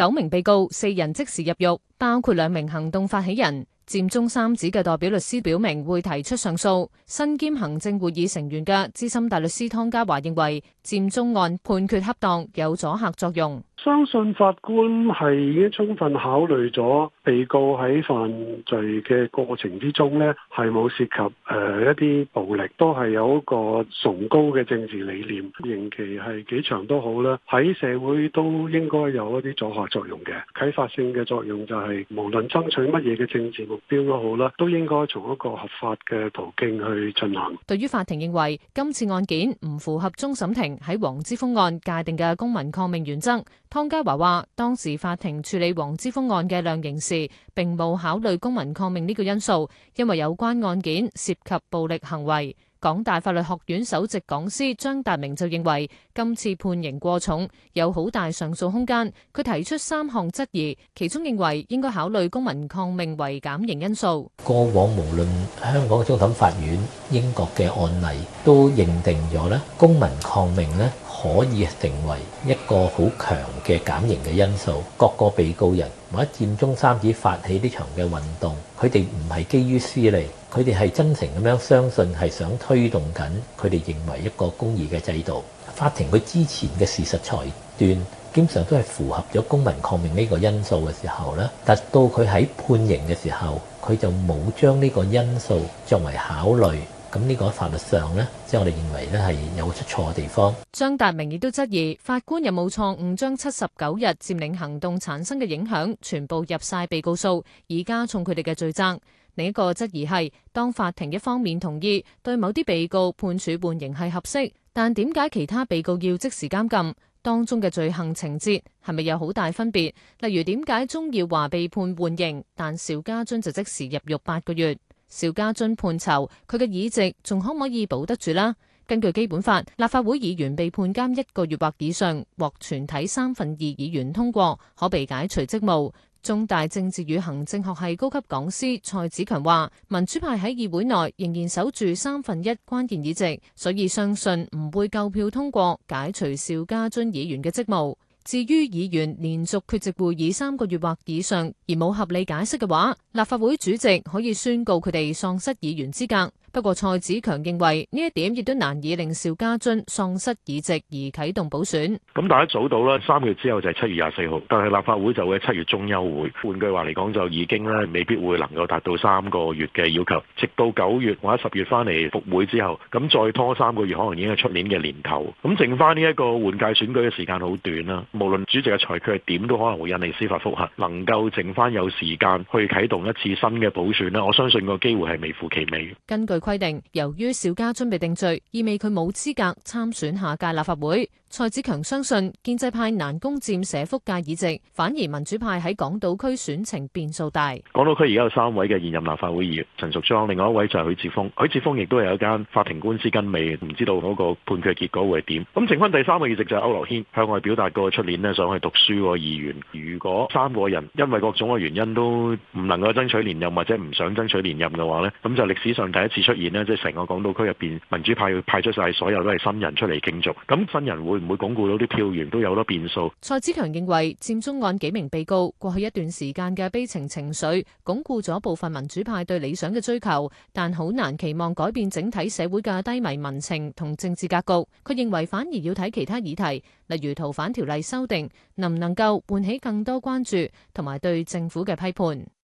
九名被告，四人即時入獄，包括兩名行動發起人。占中三子嘅代表律師表明會提出上訴。身兼行政會議成員嘅資深大律師湯家驊認為，占中案判決恰當，有阻嚇作用。相信法官係已經充分考慮咗被告喺犯罪嘅過程之中咧，係冇涉及誒、呃、一啲暴力，都係有一個崇高嘅政治理念。刑期係幾長都好啦，喺社會都應該有一啲阻嚇作用嘅啟發性嘅作用，就是，就係無論爭取乜嘢嘅政治目標都好啦，都應該從一個合法嘅途徑去進行。對於法庭認為今次案件唔符合終審庭喺黃之鋒案界定嘅公民抗命原則。湯家驊話：當時法庭處理黃之鋒案嘅量刑時，並冇考慮公民抗命呢個因素，因為有關案件涉及暴力行為。港大法律學院首席講師張達明就認為，今次判刑過重，有好大上訴空間。佢提出三項質疑，其中認為應該考慮公民抗命為減刑因素。過往無論香港嘅終審法院、英國嘅案例，都認定咗呢，公民抗命呢。可以成為一個好強嘅減刑嘅因素。各個被告人或者佔中三子發起呢場嘅運動，佢哋唔係基於私利，佢哋係真誠咁樣相信係想推動緊佢哋認為一個公義嘅制度。法庭佢之前嘅事實裁斷經常都係符合咗公民抗命呢個因素嘅時候咧，但到佢喺判刑嘅時候，佢就冇將呢個因素作為考慮。咁呢個法律上呢，即係我哋認為呢係有出錯嘅地方。張達明亦都質疑法官有冇錯誤，將七十九日佔領行動產生嘅影響全部入晒被告數，而加重佢哋嘅罪責。另一個質疑係，當法庭一方面同意對某啲被告判處緩刑係合適，但點解其他被告要即時監禁？當中嘅罪行情節係咪有好大分別？例如點解鍾耀華被判緩刑，但邵家臻就即時入獄八個月？邵家臻判囚，佢嘅議席仲可唔可以保得住啦？根據基本法，立法會議員被判監一個月或以上，獲全體三分二議員通過，可被解除職務。中大政治與行政學系高級講師蔡子強話，民主派喺議會內仍然守住三分一關鍵議席，所以相信唔會夠票通過解除邵家臻議員嘅職務。至於議員連續缺席會議三個月或以上，而冇合理解釋嘅話，立法會主席可以宣告佢哋喪失議員資格。不過蔡子強認為呢一點亦都難以令邵家臻喪失議席而啟動補選。咁大家早到啦，三月之後就係七月廿四號，但係立法會就會喺七月中休會。換句話嚟講，就已經咧未必會能夠達到三個月嘅要求。直到九月或者十月翻嚟復會之後，咁再拖三個月，可能已經係出年嘅年頭。咁剩翻呢一個換屆選舉嘅時間好短啦。無論主席嘅裁決係點，都可能會引嚟司法復核。能夠剩翻有時間去啟動一次新嘅補選咧，我相信個機會係微乎其微。根據規定，由於邵家臻被定罪，意味佢冇資格參選下屆立法會。蔡子強相信建制派難攻占社福界議席，反而民主派喺港島區選情變數大。港島區而家有三位嘅現任立法會議員，陳淑莊，另外一位就係許智峰，許智峰亦都有一間法庭官司跟未，唔知道嗰個判決結果會係點。咁剩翻第三個議席就係區諾軒，向外表達過出年呢想去讀書個意願。如果三個人因為各種嘅原因都唔能夠爭取連任，或者唔想爭取連任嘅話呢，咁就歷史上第一次。出現呢，即係成個港島區入邊，民主派會派出晒所有都係新人出嚟競逐，咁新人會唔會鞏固到啲票源都有好多變數？蔡子強認為佔中案幾名被告過去一段時間嘅悲情情緒，鞏固咗部分民主派對理想嘅追求，但好難期望改變整體社會嘅低迷民情同政治格局。佢認為反而要睇其他議題，例如逃犯條例修訂，能唔能夠喚起更多關注同埋對政府嘅批判。